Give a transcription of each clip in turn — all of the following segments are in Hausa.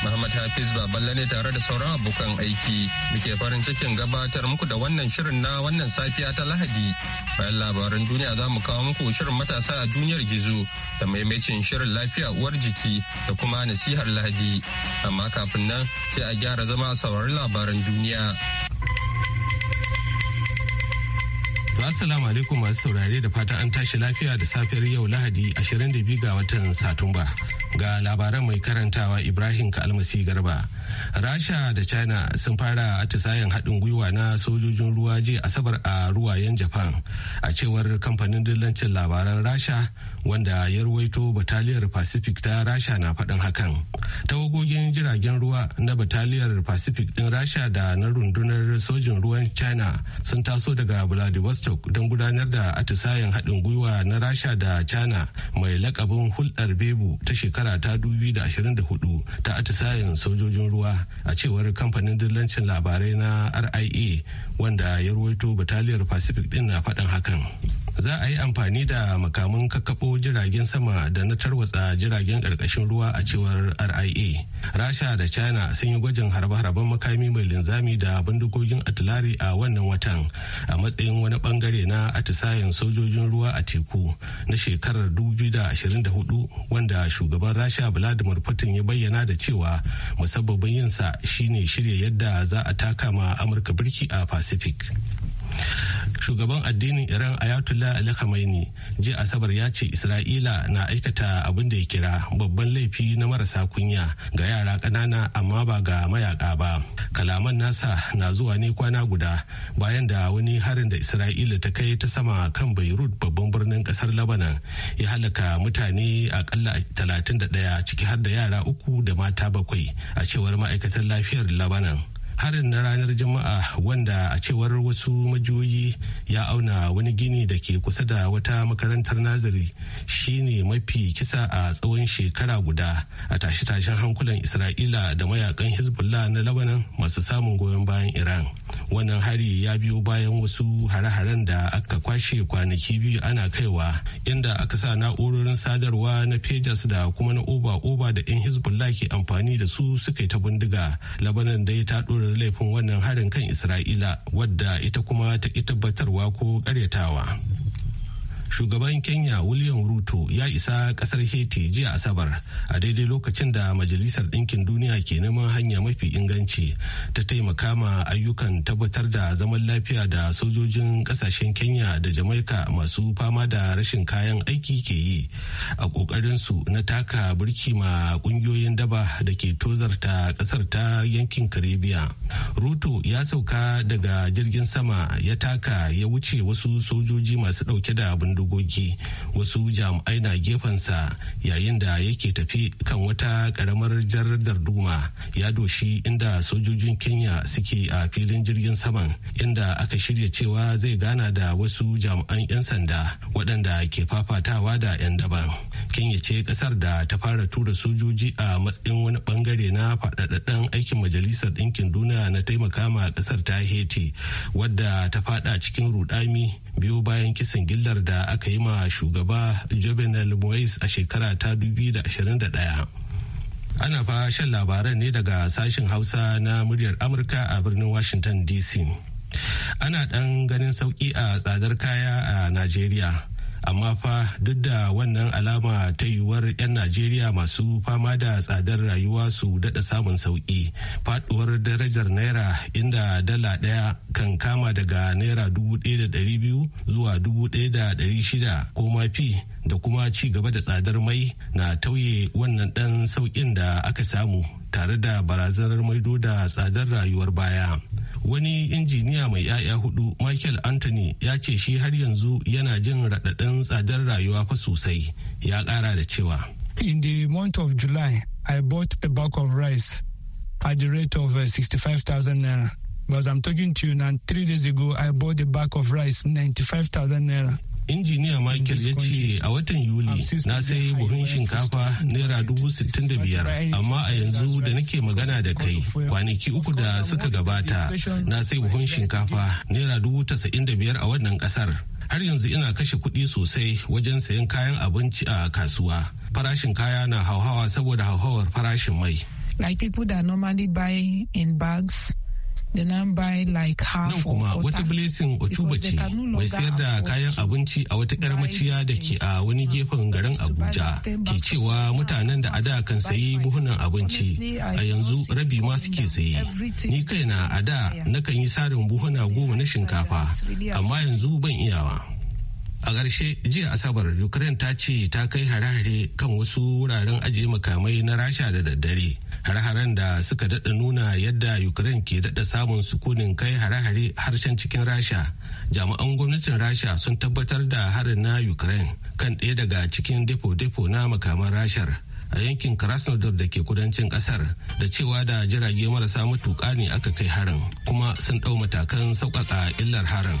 Muhammad Hafiz Baballe ne tare da sauran abokan aiki muke farin cikin gabatar muku da wannan shirin na wannan safiya ta Lahadi. Bayan labaran duniya za mu kawo muku shirin matasa a duniyar gizo da maimacin shirin lafiya uwar jiki da kuma nasihar Lahadi. Amma kafin nan sai a gyara zama a saurari labaran duniya. Assalamu alaikum masu saurare da fata an tashi lafiya da safiyar yau Lahadi 22 ga watan Satumba. Ga labaran mai karantawa Ibrahim Kalmasi Garba. Rasha da China sun fara atisayen haɗin gwiwa na sojojin ruwa jiya Asabar a ruwayen Japan. A cewar kamfanin dillancin labaran Rasha wanda ya ruwaito bataliyar pacific ta rasha na faɗin hakan tawagogin jiragen ruwa na bataliyar pacific ɗin rasha da na rundunar sojin ruwan china sun taso daga vladivostok don gudanar da atisayen haɗin gwiwa na rasha da china mai lakabin hulɗar bebu ta shekara ta 2024 ta atisayen sojojin ruwa a cewar kamfanin dillancin labarai na ria wanda ya ruwaito bataliyar pacific ɗin na faɗin hakan za a yi amfani da makaman kakkaɓo jiragen sama da na tarwatsa jiragen ƙarƙashin ruwa a cewar ria rasha da china sun yi gwajin harbe-harben makami mai linzami da bindigogin atilari a wannan watan a matsayin wani bangare na atisayen sojojin ruwa a teku na shekarar 2024 wanda shugaban rasha vladimir putin ya bayyana da cewa musabbabin yinsa shine shirya yadda za a taka ma amurka birki a pacific shugaban addinin iran ayatollah ali khamenei jiya asabar ya ce isra'ila na aikata abin da ya kira babban laifi na marasa kunya ga yara ƙanana amma ba ga mayaka ba kalaman nasa na zuwa ne kwana guda bayan da wani harin da isra'ila ta kai ta sama kan beirut babban birnin ƙasar labanan ya halaka mutane akalla ɗaya, ciki har da yara uku da mata bakwai a cewar ma'aikatar lafiyar labanan harin na ranar jama'a wanda a cewar wasu majiyoyi ya auna wani gini da ke kusa da wata makarantar nazari shine mafi kisa a tsawon shekara guda a tashe-tashen hankulan isra'ila da mayakan hezbollah na labanan masu samun goyon bayan iran wannan hari ya biyo bayan wasu hare-haren da aka kwashe kwanaki biyu ana kaiwa inda aka sa na'urorin sadarwa na pages da kuma na oba-oba da 'yan hezbollah ke amfani da su suka yi ta bindiga labanan dai ta ɗora laifin wannan harin kan isra'ila wadda ita kuma ta tabbatarwa ko karyatawa. shugaban kenya william ruto ya isa kasar haiti jiya asabar a daidai lokacin da majalisar ɗinkin duniya ke neman hanya mafi inganci ta taimaka ma ayyukan tabbatar da zaman lafiya da sojojin ƙasashen kenya da jamaika masu fama da rashin kayan aiki ke yi a ƙoƙarinsu na taka birki ma ƙungiyoyin daba da ke tozarta ƙasar ta yankin karibiya ruto ya sauka daga jirgin sama ya taka ya wuce wasu sojoji masu ɗauke da bindiga dogogi wasu jami'ai na gefensa yayin da yake tafi kan wata karamar jaridar duma ya doshi inda sojojin kenya suke a filin jirgin saman inda aka shirya cewa zai gana da wasu jami'an 'yan sanda waɗanda ke fafatawa da 'yan daban kenya ce ƙasar da ta fara tura sojoji a matsayin wani bangare na faɗaɗaɗɗen aikin majalisar ɗinkin duniya na taimaka ma ƙasar ta heti wadda ta faɗa cikin rudami Biyu bayan kisan gillar da aka yi ma shugaba Jovenel Moise a shekara ta 2021. Ana fa shan labaran ne daga sashen Hausa na muryar Amurka a birnin Washington DC. Ana ɗan ganin sauƙi a tsadar kaya a Najeriya. amma fa duk da wannan alama ta yiwuwar 'yan najeriya masu fama da tsadar rayuwa su dada samun sauki faduwar darajar naira inda dala daya kan kama daga naira dubu zuwa dubu da ko mafi da kuma ci gaba da tsadar mai na tauye wannan dan saukin da aka samu tare da barazanar maido da tsadar rayuwar baya wani injiniya mai 'ya'ya hudu michael anthony ya ce shi har yanzu yana jin raɗaɗin tsadar rayuwa fa sosai ya ƙara da cewa in the month of july i bought a bag of rice at the rate of uh, 65,000 naira But I'm talking to you now, three days ago, I bought a bag of rice, 95,000 naira. injiniya michael ya ce a watan yuli na sai buhun shinkafa naira dubu sittin da biyar amma a yanzu da nake magana da kai kwanaki uku da suka gabata na sai buhun shinkafa naira dubu tasa'in da biyar a wannan kasar har yanzu ina kashe kuɗi sosai wajen sayan kayan abinci a kasuwa farashin kaya na hauhawa saboda hauhawar farashin mai like people that normally buy in bags they like half Nan kuma wata blessing Ochuba ce mai sayar da kayan abinci a wata karamaciya da ke a wani gefen garin Abuja ke cewa mutanen da ada kan sayi buhunan abinci a yanzu rabi ma suke sayi. Ni kaina a da nakan yi sarin buhuna goma na shinkafa amma yanzu ban iyawa. a ƙarshe jiya asabar ukraine ta ce ta kai hare-hare kan wasu wuraren ajiye makamai na rasha da daddare hare-haren da suka dada nuna yadda ukraine ke dada samun sukunin kai hare-hare harshen cikin rasha jami'an gwamnatin rasha sun tabbatar da harin na ukraine kan ɗaya daga cikin depo-depo na makaman rashar a yankin krasnodar da ke kudancin kasar da cewa da jirage marasa matuƙa ne aka kai harin kuma sun ɗau matakan sauƙaƙa illar harin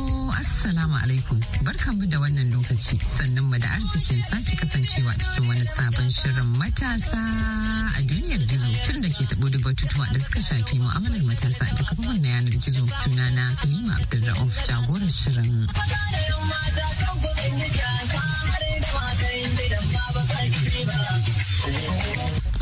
Assalamu alaikum mu da wannan lokaci sannan mu da arzikin sake kasancewa cikin wani sabon shirin matasa a duniyar gizo tun da ke taɓo duk batutuwa da suka shafi mu'amalar matasa da kafofin na yanar gizo suna sunana Halima Ra'of jagorar shirin.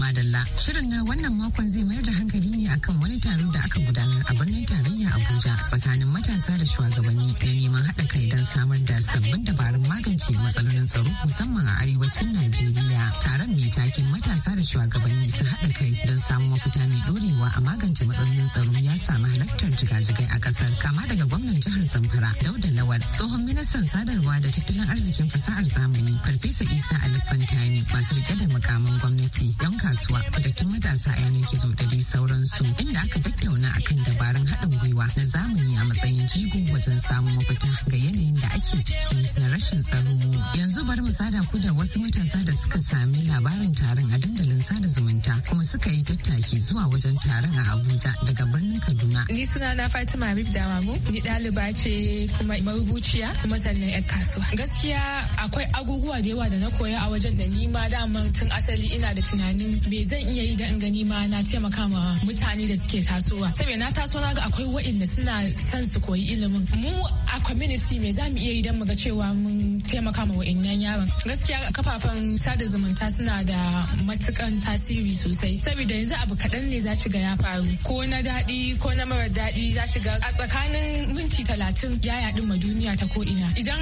madalla. Shirin na wannan makon zai mayar da hankali ne akan wani taro da aka gudanar a birnin tarayya Abuja tsakanin matasa da shugabanni na neman haɗa kai don samar da sabbin dabarun magance matsalolin tsaro musamman a arewacin Najeriya. Taron mai takin matasa da shugabanni sun haɗa kai don samun mafita mai dorewa a magance matsalolin tsaro ya samu halartar jigajigai a ƙasar kama daga gwamnan jihar Zamfara Dauda Lawal tsohon ministan sadarwa da tattalin arzikin fasahar zamani Farfesa Isa Ali Fantani masu rike da makaman gwamnati don kasuwa kasuwa fitattun matasa a yanar gizo da dai sauransu inda aka tattauna kan dabarun haɗin gwiwa na zamani a matsayin jigo wajen samun mafita ga yanayin da ake ciki na rashin tsaro yanzu bari mu sada ku da wasu matasa da suka sami labarin taron a dandalin sada zumunta kuma suka yi tattaki zuwa wajen taron a abuja daga birnin kaduna ni suna na fatima habib damago ni ɗaliba ce kuma marubuciya kuma sannan yar kasuwa gaskiya akwai abubuwa da yawa da na koya a wajen da ni ma daman tun asali ina da tunanin me zan iya yi da in gani ma na taimaka ma mutane da suke tasowa saboda na taso na ga akwai waɗanda suna son su koyi ilimin mu a community me za mu iya yi dan mu ga cewa mun taimaka ma waɗannan yaron gaskiya kafafen sada zumunta suna da matukan tasiri sosai saboda yanzu abu kaɗan ne za ga ya faru ko na daɗi ko na mara daɗi za shiga a tsakanin minti talatin ya yaɗu ma duniya ta ko ina idan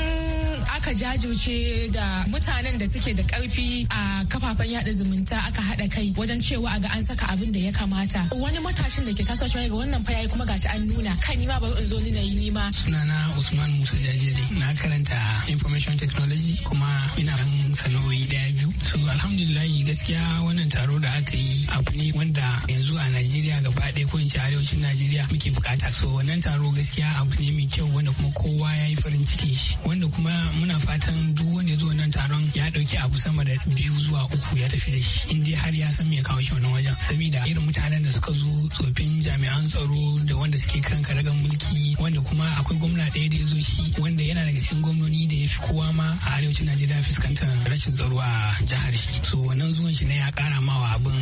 aka jajirce da mutanen da suke da ƙarfi a kafafen yaɗa zumunta aka haɗa kai wajen cewa a ga an saka abin da ya kamata wani matashin da ke taso shi ga wannan fa yayi kuma gashi an nuna kai ni ma ba in zo ni na yi ni ma sunana Usman Musa Jajere na karanta information technology kuma ina ran koyan sana'o'i daya biyu so alhamdulillahi gaskiya wannan taro da aka yi abu ne wanda yanzu a najeriya gaba ɗaya ko in ce arewacin najeriya muke bukata so wannan taro gaskiya abu ne mai kyau wanda kuma kowa ya yi farin ciki shi wanda kuma muna fatan duk wanda ya zo wannan taron ya ɗauki abu sama da biyu zuwa uku ya tafi da shi in dai har ya san me kawo shi wannan wajen saboda irin mutanen da suka zo tsofin jami'an tsaro da wanda suke kan karagan mulki wanda kuma akwai gwamna ɗaya da ya zo shi wanda yana daga cikin gwamnoni da ya fi kowa ma a arewacin najeriya fuskantar rashin tsaro a jihar shi so wannan zuwan shi ne ya kara ma wa abin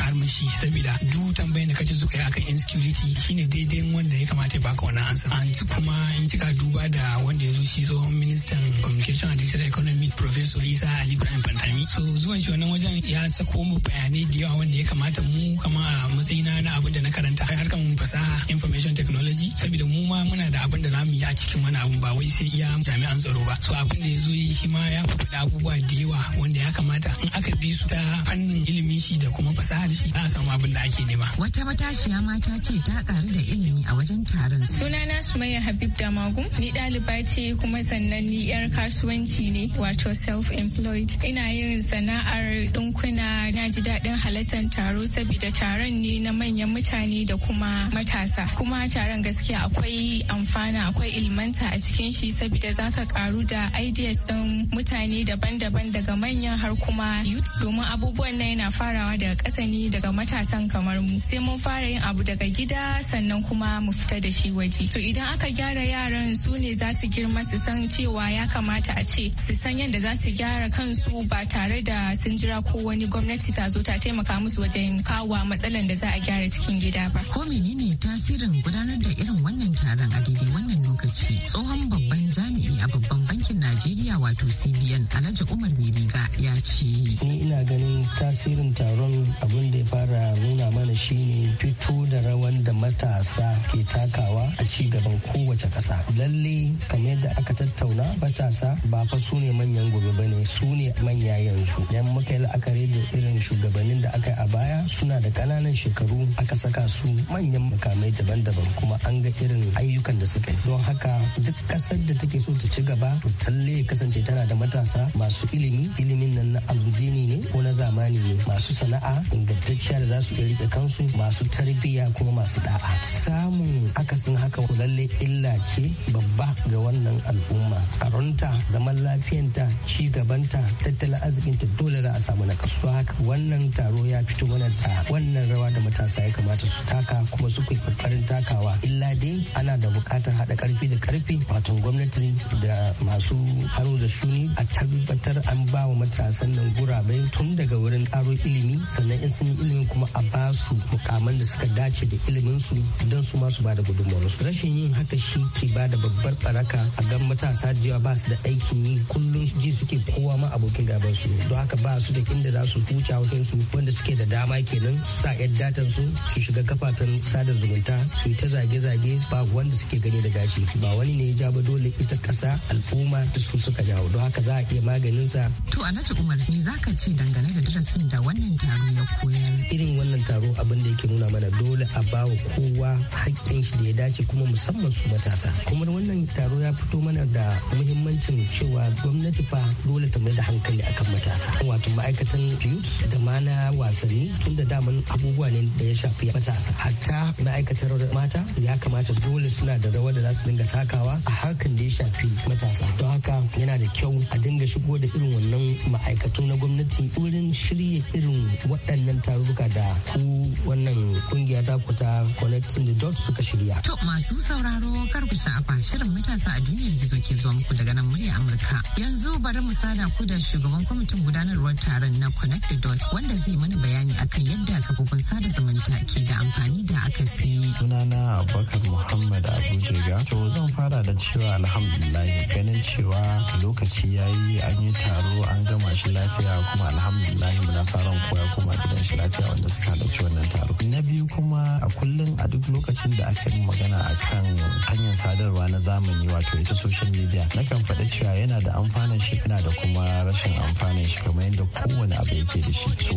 armashi saboda duk tambayar da kace suka yi akan insecurity shine daidai wanda ya kamata ya baka wannan ansa an kuma in kika duba da wanda ya zo shi tsohon ministan communication and digital economy professor isa ali ibrahim pantami so zuwan shi wannan wajen ya sako mu bayanai da yawa wanda ya kamata mu kama a matsayina na abin da na karanta harkar mu fasaha information technology saboda mu ma muna da abin da za yi a cikin wani abun ba wai sai iya jami'an tsaro ba so abin da ya zo yi shi ma ya faɗa abubuwa da yawa wanda ya kamata in aka bi su ta fannin ilimin shi da kuma fasahar shi za a samu abin da ake nema. Wata matashiya mata ce ta karu da ilimi a wajen taron. Sunana Sumayya Habib Damagum ni ɗaliba ce kuma sannan ni yar kasuwanci ne wato self-employed. Ina yin sana'ar ɗinkuna na ji daɗin halartar taro saboda taron ne na manyan mutane da kuma matasa. Kuma taron gaskiya akwai amfana akwai ilmanta a cikin shi saboda zaka karu da ideas ɗin mutane daban-daban daban daga manyan har kuma youth domin abubuwan na yana farawa daga ƙasa ne daga matasan kamar mu sai mun fara yin abu daga gida sannan kuma mu fita da shi waje to idan aka gyara yaran su ne za su girma su san cewa ya kamata a ce su san yadda za su gyara kansu ba tare da sun jira ko wani gwamnati ta zo ta taimaka musu wajen kawo matsalan da za a gyara cikin gida ba ko menene tasirin gudanar da irin wannan taron a daidai wannan lokaci tsohon babban jami'i a babban bankin najeriya wato cbn alhaji umar. Umar Bibiga ya ce. Ni eh, ina ganin tasirin taron abin da ya fara nuna mana shine fito da rawan da matasa ke takawa a ci gaban kowace ƙasa. Lalle kamar yadda aka tattauna matasa ba fa su ne manyan gobe bane ne su ne manya yanzu. Yan muka yi la'akari da irin shugabannin da aka yi a baya suna da ƙananan shekaru aka saka su manyan makamai daban-daban kuma an ga irin ayyukan da suka yi. Don haka duk ƙasar da take so ta ci gaba to talle ya kasance tana da matasa masu ilimi ilimin nan na aludini ne ko na zamani ne masu sana'a ingantacciya da za su iya rike kansu masu tarbiyya kuma masu da'a samun akasin haka lalle illa ce babba ga wannan al'umma tsaronta zaman lafiyanta ci gabanta tattalin arzikinta dole za a samu na kasu haka wannan taro ya fito mana da wannan rawa da matasa ya kamata su taka kuma su kai karkarin takawa illa dai ana da bukatar haɗa karfi da karfi wato gwamnati da masu haro da shuni a tabbatar an ba wa matasan nan gurabe tun daga wurin karo ilimi sannan in sun yi ilimin kuma a ba su mukaman da suka dace da ilimin su don su masu ba da su rashin yin haka shi ke ba da babbar baraka a gan matasa jiwa ba su da aikin yi kullum ji suke kowa ma abokin gaban su don haka ba su da inda za su huce wajen su wanda suke da dama kenan su sa yan datan su su shiga kafafen sada zumunta su yi ta zage-zage ba wanda suke gani da gashi ba wani ne ya ja ba dole ita kasa al'umma da su suka jawo don haka za a iya maganin sa. To Alhaji Umar me ka ce dangane da darasin da wannan taro ya koyar? Irin wannan taro abin da yake nuna mana dole a ba wa kowa haƙƙin shi da ya dace kuma musamman su matasa. Kuma wannan taro ya fito mana da muhimmancin cewa gwamnati fa dole ta mai da hankali akan matasa. Wato ma'aikatan youth da ma na wasanni tun da daman abubuwa ne da ya shafi matasa. Hatta ma'aikatar mata ya kamata dole suna da rawar da za su dinga takawa a harkan da ya shafi matasa. Don haka yana da kyau a dinga shigo da irin wannan ma'aikatu na gwamnati wurin shirya irin waɗannan taruka da ku wannan kungiya ta kuta connecting the dots suka shirya. To masu sauraro kar ku sha'afa shirin matasa a duniyar gizo ke zuwa muku daga nan murya Amurka. Yanzu bari mu sada ku da shugaban kwamitin gudanarwar taron na connect the dots wanda zai mana bayani akan yadda kafofin sada zumunta ke da amfani da akasi. Sunana Abubakar Muhammad Abuja. To zan fara da cewa alhamdulillah ganin cewa lokaci yayi an yi ta. taro an gama shi lafiya kuma alhamdulillah muna sa ran kuma gidan shi lafiya wanda suka halarci wannan taro na biyu kuma a kullum a duk lokacin da aka yi magana kan hanyar sadarwa na zamani wato ita social media na kan faɗa cewa yana da amfanin shi yana da kuma rashin amfanin shi kamar yadda kowane abu yake da shi so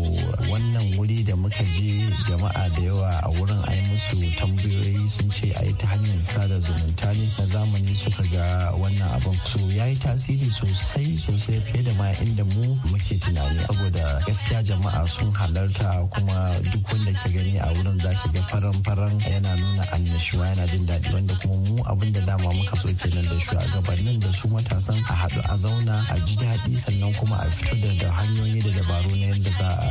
wannan wuri da muka je jama'a da yawa a wurin ai musu tambayoyi sun ce yi ta hanyar sada zumunta ne na zamani suka ga wannan abin so ya yi tasiri sosai sosai fiye da ma inda mu muke tunani saboda gaskiya jama'a sun halarta kuma duk wanda ke gani a wurin zaki ga faran-faran yana nuna annashuwa yana jin daɗi wanda kuma mu abin da dama muka so kenan da shugabannin da su matasan a haɗu a zauna a ji daɗi sannan kuma a fito da hanyoyi da dabaru na yadda za a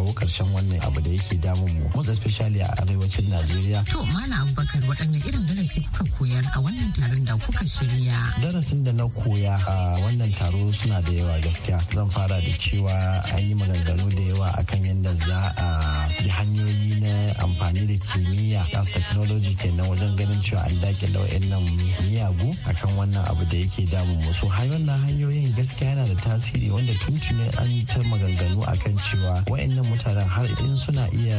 kawo karshen wannan abu da yake damun mu most especially a arewacin Najeriya. To mana Abubakar waɗanne irin darasi kuka koyar a wannan taron da kuka shirya? Darasin da na koya a wannan taro suna da yawa gaskiya. Zan fara da cewa an yi maganganu da yawa akan yadda za a yi hanyoyi na amfani da kimiyya as technology kenan wajen ganin cewa an dakile wayannan miyagu akan wannan abu da yake damun mu. So hanyoyin gaskiya yana da tasiri wanda tuntuni an ta maganganu akan cewa wayannan mutanen har in suna iya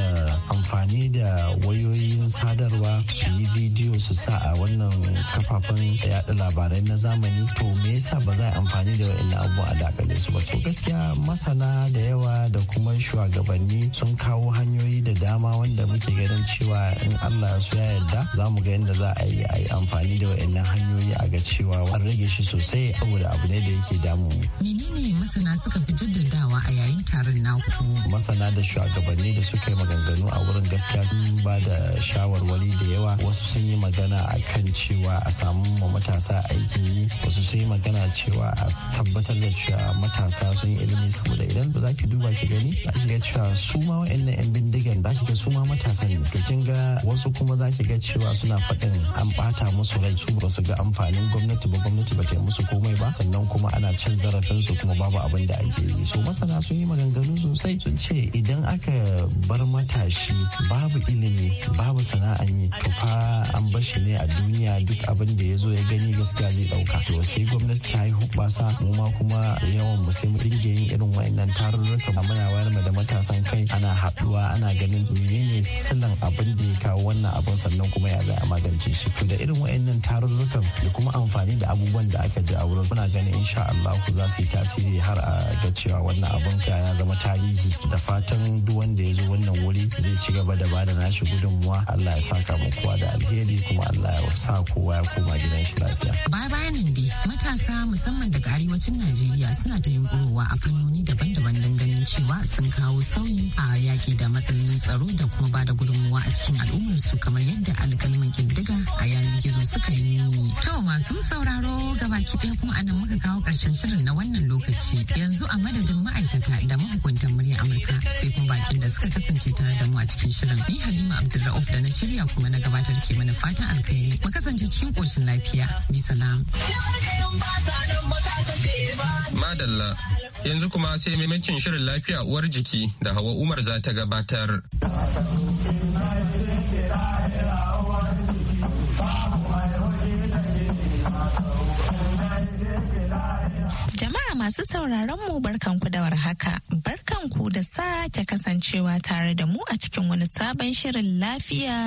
amfani da wayoyin sadarwa su yi bidiyo su sa a wannan kafafen yada labarai na zamani to me yasa ba za a amfani da wa'in abubuwa a dakale su ba to gaskiya masana da yawa da kuma shugabanni sun kawo hanyoyi da dama wanda muke ganin cewa in allah su ya yarda za mu ga yadda za a yi a yi amfani da wa'annan hanyoyi a ga cewa an rage shi sosai saboda abu ne da yake damu menene masana suka fi jaddadawa a yayin taron naku masana na da shugabanni da suka yi maganganu a wurin gaskiya sun ba da shawarwari da yawa wasu sun yi magana a kan cewa a samu ma matasa aikin yi wasu sun yi magana cewa a tabbatar da cewa matasa sun yi ilimi saboda idan ba za ki duba ki gani za ki ga cewa su ma wa'annan 'yan bindigan za ki ga su ma matasa ne to kin ga wasu kuma za ki ga cewa suna faɗin an ɓata musu rai su ba su ga amfanin gwamnati ba gwamnati ba ta yi musu komai ba sannan kuma ana cin zarafinsu kuma babu abin da ake yi so masana sun yi maganganu sosai sun ce idan aka bar matashi babu ilimi babu sana'an yi to fa an bar shi ne a duniya duk abin da ya zo ya gani gaskiya zai dauka to sai gwamnati ta yi hubasa mu ma kuma yawan mu sai mu dinga yin irin wayannan tarurruka muna wayar da matasan kai ana haduwa ana ganin menene silan abin da ya kawo wannan abin sannan kuma ya za a magance shi to da irin wayannan tarurrukan da kuma amfani da abubuwan da aka ji a wurin muna ganin insha Allah za su yi tasiri har a ga cewa wannan abin ya zama tarihi da fata fatan duk wanda ya zo wannan wuri zai ci gaba da bada nashi gudunmuwa Allah ya saka mu kowa da alheri kuma Allah ya sa kowa ya koma gidan shi lafiya. Baya bayanin dai matasa musamman daga arewacin Najeriya suna ta yunkurowa a fannoni daban-daban don ganin cewa sun kawo sauyi a yaki da matsalolin tsaro da kuma bada gudunmuwa a cikin al'ummar su kamar yadda alƙalman ƙiddiga a yanar gizo suka yi nuni. To masu sauraro ki ɗaya kuma anan muka kawo ƙarshen shirin na wannan lokaci yanzu a madadin ma'aikata da mahukuntan murya Amurka sai kuma bakin da suka kasance tare da mu a cikin shirin. Ni Halima Abdulra'uf da na shirya kuma na gabatar ke mana fatan alkhairi. Mu kasance cikin koshin lafiya. Bi salam. Madalla. Yanzu kuma sai maimacin shirin lafiya uwar jiki da Hawa Umar za ta gabatar. Thank you. masu sauraron mu barkanku da warhaka. Barkanku da sake kasancewa tare da mu a cikin wani sabon shirin lafiya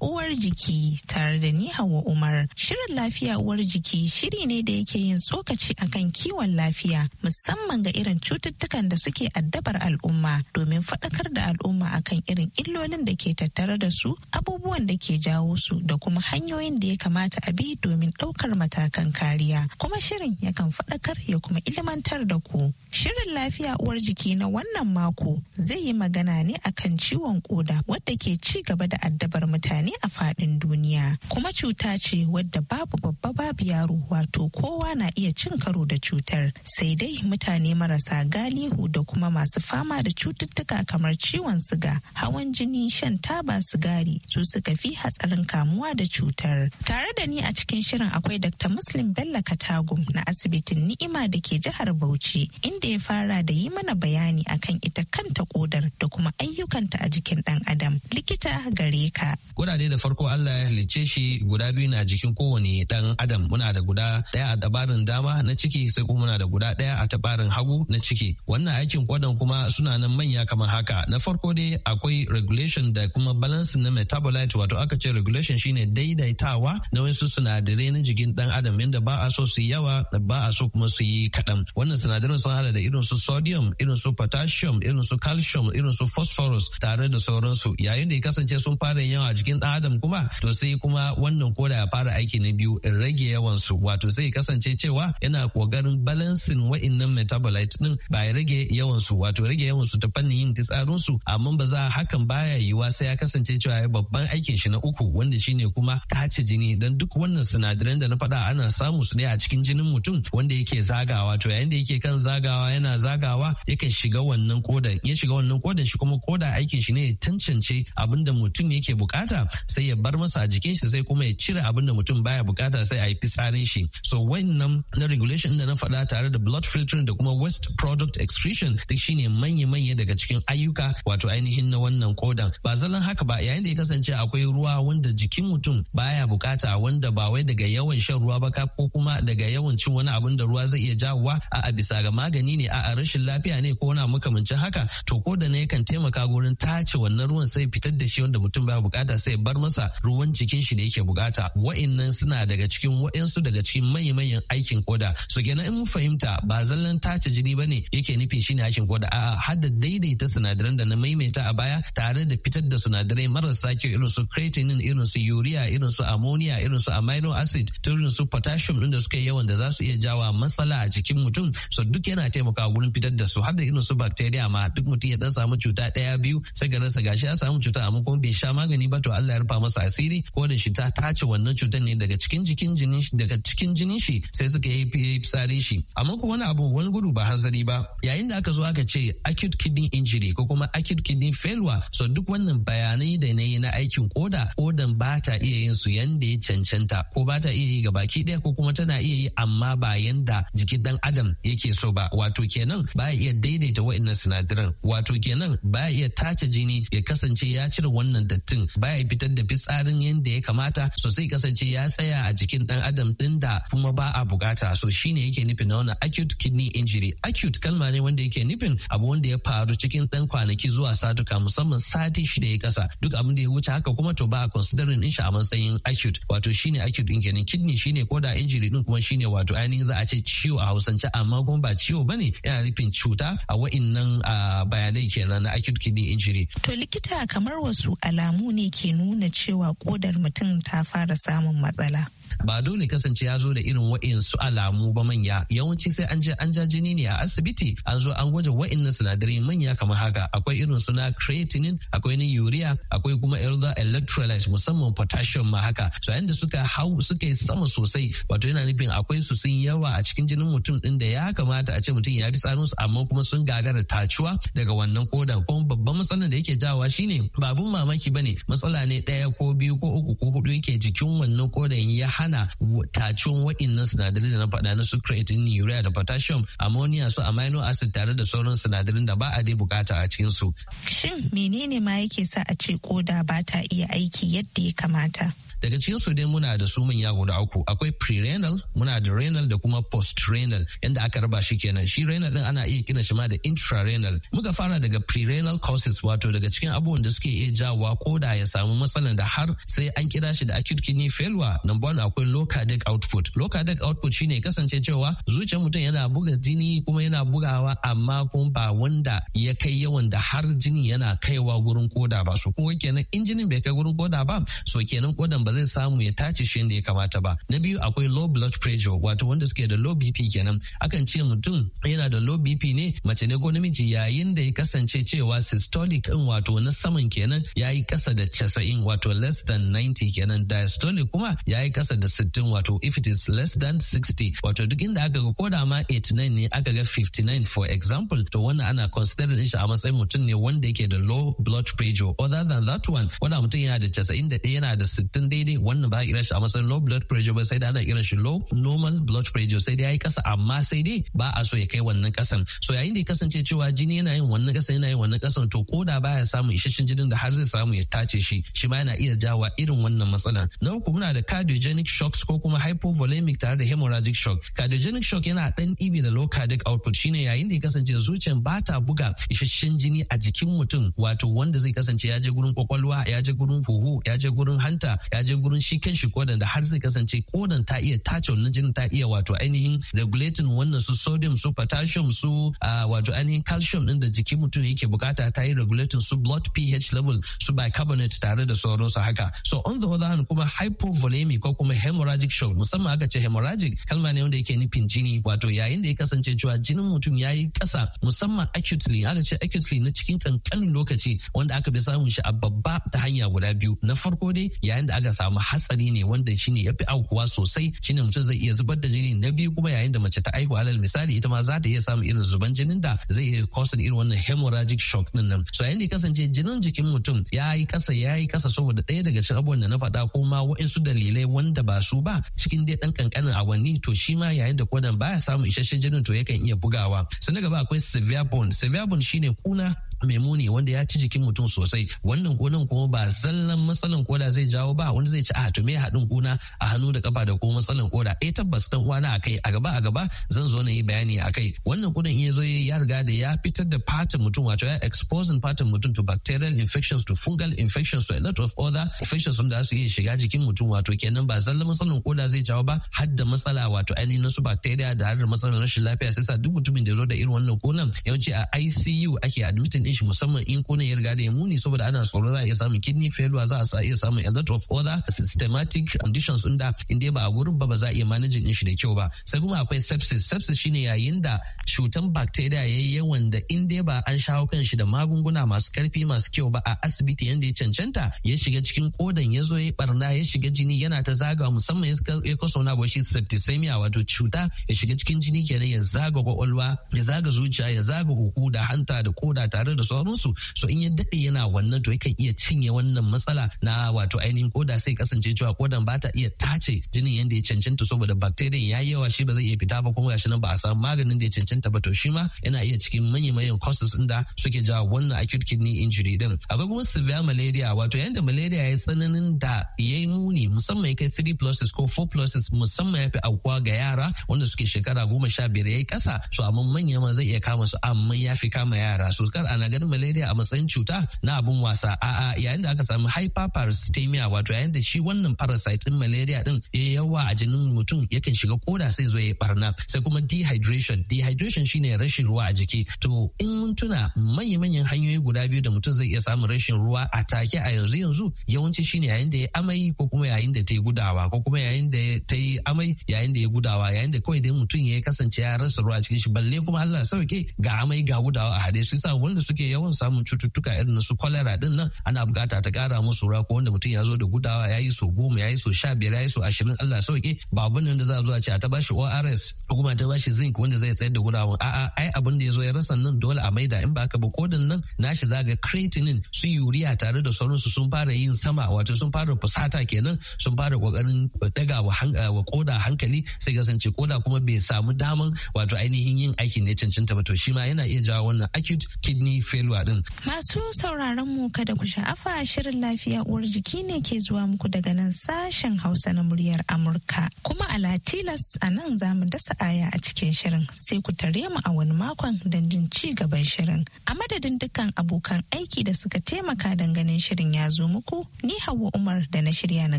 uwar jiki tare da ni Hauwa Umar. Shirin lafiya uwar jiki shiri ne da yake yin tsokaci akan kiwon lafiya musamman ga irin cututtukan da suke addabar al'umma domin faɗakar da al'umma akan irin illolin da ke tattare da su, abubuwan da ke jawo su da kuma hanyoyin da ya kamata a bi domin ɗaukar matakan kariya. Kuma shirin yakan faɗakar ya kuma ilmantar da ku. Shirin lafiya uwar jiki na wannan mako zai yi magana ne akan ciwon koda wadda ke ci gaba da addabar mutane a faɗin duniya. Kuma cuta ce wadda babu babba babu yaro wato kowa na iya cin karo da cutar. Sai dai mutane marasa galihu da kuma masu fama da cututtuka kamar ciwon siga, hawan jini, shan taba sigari su suka fi hatsarin kamuwa da cutar. Tare da ni a cikin shirin akwai Dr. Muslim Bello Katagum na asibitin Ni'ima da ke ke jihar Bauchi inda ya fara da yi mana bayani akan ita kanta kodar da kuma ayyukanta a jikin dan adam. Likita gare ka. Kudade da farko Allah ya halicce shi guda biyu na jikin kowane dan adam muna da guda daya a tabarin dama na ciki sai kuma muna da guda daya a tabarin hagu na ciki. Wannan aikin kodan kuma suna nan manya kamar haka. Na farko dai akwai regulation da kuma balance na metabolite wato aka ce regulation shine daidaitawa na wasu sinadarai na jikin dan adam inda ba a so su yawa ba a so kuma su yi kaɗan wannan sinadaran sun hada da irin su sodium irin su potassium irin su calcium irin su phosphorus tare da sauransu yayin da ya kasance sun fara yawa a jikin adam kuma to sai kuma wannan koda ya fara aiki na biyu rage yawan su wato sai kasance cewa yana kokarin balancing wa'innan metabolite din ba ya rage yawan su wato rage yawan su ta fannin yin fitsarin su amma ba za hakan baya yiwa sai ya kasance cewa ya babban aikin shi na uku wanda shine kuma tace jini dan duk wannan sinadaran da na faɗa ana samu su ne a cikin jinin mutum wanda yake zagawa wato yayin da yake kan zagawa yana zagawa yakan shiga wannan kodan ya shiga wannan kodan shi kuma koda aikin shi ne ya tantance abin da mutum yake bukata sai ya bar masa a jikin shi sai kuma ya cire abin da mutum baya bukata sai a yi fitsarin shi so wannan na regulation da na faɗa tare da blood filtering da kuma waste product excretion duk shine manya-manya daga cikin ayyuka wato ainihin na wannan kodan ba zallan haka ba yayin da ya kasance akwai ruwa wanda jikin mutum baya bukata wanda ba wai daga yawan shan ruwa ba ko kuma daga yawan cin wani abin da ruwa zai iya jawo kawowa a bisa ga magani ne a rashin lafiya ne ko na makamancin haka to ko da ne yakan taimaka gurin tace wannan ruwan sai fitar da shi wanda mutum ba bukata sai bar masa ruwan jikin shi da yake bukata wa'annan suna daga cikin wa'ansu daga cikin manya-manyan aikin koda so kenan in fahimta ba zallan tace jini bane yake nufin shine aikin koda a har da daidaita sinadaran da na maimaita a baya tare da fitar da sinadarai marasa kyau irin su creatinine irin su urea irin su ammonia irin su amino acid irin su potassium din da suke yawan da za su iya jawa matsala a jikin jikin mutum so duk yana taimakawa wurin fitar da su har da irin su bacteria ma duk mutum ya dan samu cuta daya biyu sai ga rasa gashi ya samu cuta amma kuma bai sha magani ba to Allah ya rufa masa asiri ko da shi ta tace wannan cutar ne daga cikin jikin jinin shi daga cikin jinin shi sai suka yi fitsari shi amma kuma wani abu wani gudu ba hanzari ba yayin da aka zo aka ce acute kidney injury ko kuma acute kidney failure so duk wannan bayanai da na na aikin koda kodan ba ta iya yin su yanda ya cancanta ko ba ta iya yi gabaki baki daya ko kuma tana iya yi amma ba yanda jikin dan adam yake so ba wato kenan ba iya daidaita wa'annan sinadiran wato kenan ba iya tace jini ya kasance ya cire wannan dattin ba ya fitar da fitsarin yadda ya kamata so sai kasance ya tsaya a jikin dan adam din da kuma ba a bukata so shine yake nufin na wannan acute kidney injury acute kalma ne wanda yake nufin abu wanda ya faru cikin dan kwanaki zuwa satuka musamman sati shida ya kasa duk abin da ya wuce haka kuma to ba a considering din shi a matsayin acute wato shine acute din kenan kidney shine koda injury din kuma shine wato ainihin za a ce ciwo a Hausa kusance amma kuma ba ciwo ba ne yana nufin cuta a wa'innan bayanai kenan na acute kidney injury to likita kamar wasu alamu ne ke nuna cewa kodar mutum ta fara samun matsala ba dole kasance ya zo da irin wa'insu alamu ba manya yawanci sai an je an ja jini ne a asibiti an zo an gwaje wa'innan sinadarai manya kamar haka akwai irin suna creatinine akwai na urea akwai kuma irin electrolyte musamman potassium ma haka so yayin da suka hau suka yi sama sosai wato yana nufin akwai su sun yawa a cikin jinin mutum din da ya kamata a ce mutum ya fi tsarin su amma kuma sun gagara tacuwa daga wannan kodan kuma babban matsalar da yake jawa shine babun mamaki bane matsala ne ɗaya ko biyu ko uku ko hudu yake jikin wannan kodan ya hana tacuwan waɗannan sinadarai da na faɗa na su creatinine urea da potassium ammonia su amino acid tare da sauran sinadarin da ba a dai bukata a cikin su. Shin menene ma yake sa a ce koda ba ta iya aiki yadda ya kamata? daga cikin su dai muna da su manya guda uku akwai pre-renal muna da renal da kuma post-renal inda aka raba shi kenan shi renal din ana iya kina shi ma da intra intra-renal muka fara daga pre-renal causes wato daga cikin abubuwan da suke iya jawa ko da ya samu matsalan da har sai an kira shi da acute kidney failure number one akwai low cardiac output low cardiac output shine kasance cewa zuciyar mutum yana buga jini kuma yana bugawa amma kuma ba wanda ya kai yawan da har jini yana kaiwa gurin koda ba su kuma kenan in jinin bai kai gurin koda ba so kenan kodan ba zai samu ya tace shi da ya kamata ba na biyu akwai low blood pressure wato wanda suke da low bp kenan akan ce mutum yana da low bp ne mace ne ko namiji yayin da ya kasance cewa systolic in wato na saman kenan yayi kasa da 90 wato less than 90 kenan diastolic kuma yayi kasa da 60 wato if it is less than 60 wato duk inda aka ga koda ma 89 ne aka ga 59 for example to wannan ana consider din shi a matsayin mutum ne wanda yake da low blood pressure other than that one wannan mutum yana da 91 yana da 60 daidai wannan ba irin shi a matsayin low blood pressure ba sai da ana irin shi low normal blood pressure sai dai ya yi kasa amma sai dai ba a so ya kai wannan kasan so yayin da ya kasance cewa jini yana yin wannan kasan yana yin wannan kasan to ko da baya samun isasshen jinin da har zai samu ya tace shi shi ma yana iya jawa irin wannan matsala na uku muna da cardiogenic shocks ko kuma hypovolemic tare da hemorrhagic shock cardiogenic shock yana dan ibi da low cardiac output shine yayin da ya kasance zuciyan ba ta buga isasshen jini a jikin mutum wato wanda zai kasance ya je gurin kwakwalwa ya je gurin huhu ya je gurin hanta ya je gurin shi kan shi kodan da har zai kasance kodan ta iya tace wannan jinin ta iya wato ainihin regulating wannan su sodium su potassium su wato ainihin calcium din da jiki mutum yake bukata ta yi regulating su blood pH level su bicarbonate tare da sauransu haka so on the other hand kuma hypovolemic ko kuma hemorrhagic shock musamman aka ce hemorrhagic kalma ne wanda yake nufin jini wato yayin da ya kasance cewa jinin mutum ya yi kasa musamman acutely aka ce acutely na cikin kankanin lokaci wanda aka bi samun shi a babba ta hanya guda biyu na farko dai yayin da aka samu hatsari ne wanda ne ya fi aukuwa sosai shi ne mutum zai iya zubar da jini na biyu kuma yayin da mace ta aihu alal misali ita ma za ta iya samun irin zuban jinin da zai iya causing irin wannan hemorrhagic shock din nan so yayin da kasance jinin jikin mutum ya yi kasa ya yi kasa saboda ɗaya daga cikin abubuwan da na faɗa ko ma wa'insu dalilai wanda ba su ba cikin dai ɗan kankanin awanni to shi ma yayin da kodan baya samun isasshen jinin to yakan iya bugawa sannan gaba akwai severe bone. severe bone shine kuna mai muni wanda ya ci jikin mutum sosai wannan kunin kuma ba zallan matsalan koda zai jawo ba wanda zai ci a ah, to me haɗin kuna a hannu da kafa da kuma matsalan koda eh tabbas dan uwana akai a gaba a gaba zan zo na yi bayani akai wannan kunin ya zo ya riga da ya fitar da fatan mutum wato ya exposing fatan mutum to bacterial infections to fungal infections to a lot of other infections wanda su iya shiga jikin mutum wato kenan ba zallan matsalan koda zai jawo ba har da matsala wato ainihin na su bacteria da har da matsalan rashin lafiya sai sa duk mutumin da ya zo da irin wannan kunan yawanci a ICU ake admitting shi musamman in kuna ya riga da ya muni saboda ana tsoro za a iya samun kidney failure za a iya samun a lot of other systematic conditions inda da in dai ba a wurin ba ba za a iya managing din shi da kyau ba sai kuma akwai sepsis sepsis shine yayin da cutan bacteria yayi yawan da in dai ba an shawo kan shi da magunguna masu karfi masu kyau ba a asibiti yanda ya cancanta ya shiga cikin kodan ya zo ya barna ya shiga jini yana ta zaga musamman ya kaso na shi septicemia wato cuta ya shiga cikin jini kenan ya zaga kwakwalwa ya zaga zuciya ya zaga huhu da hanta da koda tare da sauransu so in ya dade yana wannan to yakan iya cinye wannan matsala na wato ainihin koda sai kasance cewa kodan ba ta iya tace jinin yadda ya cancanta saboda bacteria ya yi yawa shi ba zai iya fita ba kuma gashi nan ba a samu maganin da ya cancanta ba to shi ma yana iya cikin manya-manyan causes inda da suke jawo wannan acute kidney injury din akwai kuma severe malaria wato yanda malaria ya tsananin da ya yi muni musamman ya kai 3 pluses ko 4 pluses musamman ya fi aukuwa ga yara wanda suke shekara goma sha biyar ya yi kasa su amma manya ma zai iya kama su amma ya fi kama yara so kar ana na ganin malaria a matsayin cuta na abun wasa a'a yayin da aka samu hyperparasitemia wato yayin da shi wannan parasite din malaria din ya yawa a jinin mutum yakan shiga koda sai zo ya barna sai kuma dehydration dehydration shine rashin ruwa a jiki to in mun tuna manya-manyan hanyoyi guda biyu da mutum zai iya samun rashin ruwa a take a yanzu yanzu yawanci shine yayin da ya amai ko kuma yayin da ta yi gudawa ko kuma yayin da ta yi amai yayin da ya gudawa yayin da kawai dai mutum ya kasance ya rasa ruwa a cikin shi balle kuma Allah sauke ga amai ga gudawa a hade su yasa wanda su suke yawan samun cututtuka irin na su kwalara din nan ana bukata ta kara musu ko wanda mutum ya zo da gudawa ya yi so goma ya yi so sha biyar ya yi so ashirin Allah sauke ba nan da za a zo a ce a ta bashi ORS ko kuma ta bashi zinc wanda zai tsayar da gudawan a'a ai abin da ya zo ya rasa nan dole a maida in ba ka ba kodin nan nashi ga creatinine su yuriya tare da sauran su sun fara yin sama wato sun fara fusata kenan sun fara kokarin daga wa koda hankali sai kasance koda kuma bai samu daman wato ainihin yin aiki ne cancanta ba to shi ma yana iya jawo wannan acute kidney failure din. Masu sauraron mu kada ku sha'afa shirin lafiya uwar jiki ne ke zuwa muku daga nan sashen Hausa na muryar Amurka. Kuma a Latilas a nan za mu dasa aya a cikin shirin sai ku tare mu a wani makon don jin ci gaban shirin. A madadin dukkan abokan aiki da suka taimaka ganin shirin ya zo muku, ni Hauwa Umar da na shirya na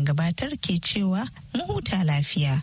gabatar ke cewa mu huta lafiya.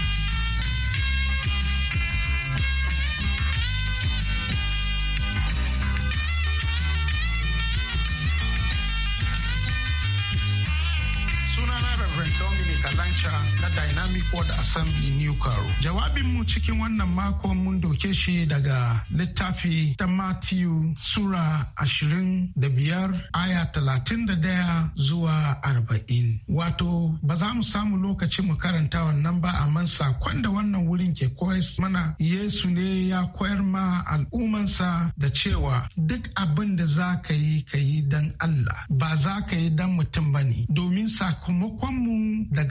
kalanca na dynamic world assembly new caro mu cikin wannan mako mun doke shi daga littafi ta matthew sura ashirin da biyar aya talatin da daya zuwa arba'in wato ba za mu samu lokaci mu karanta wannan ba amma sakon da wannan wurin ke koyar mana yesu ne ya koyar ma al'umansa da cewa duk abin da za ka yi ka yi don allah ba za ka yi don mutum ba ne domin sakamakonmu daga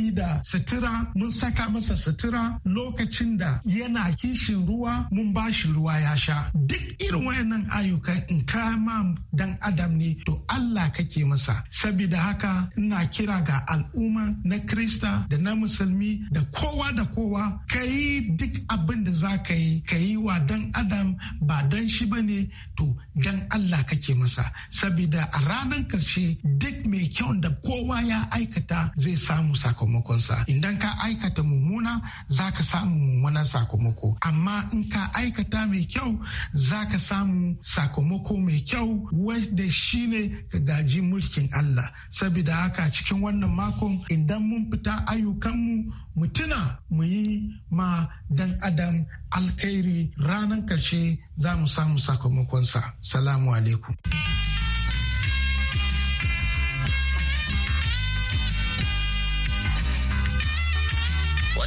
yi da sutura mun saka masa sutura lokacin da yana kishin ruwa mun ba shi ruwa ya sha duk irin wayannan ayyukan in kama dan adam ne to Allah kake masa saboda haka ina kira ga al'umma na krista da na musulmi da kowa da kowa ka yi duk abin da za ka yi ka yi wa dan adam ba dan shi ba ne to dan Allah kake masa saboda a ranar karshe duk mai kyau da kowa ya aikata zai samu sakamako sakamakonsa idan ka aikata mummuna za ka samu mummunan sakamako amma in ka aikata mai kyau za ka samu sakamako mai kyau wanda shine ka gaji mulkin Allah saboda haka cikin wannan makon idan mun fita ayyukanmu mu tuna mu yi ma dan adam alkhairi ranar karshe za mu samu sakamakonsa salamu alaikum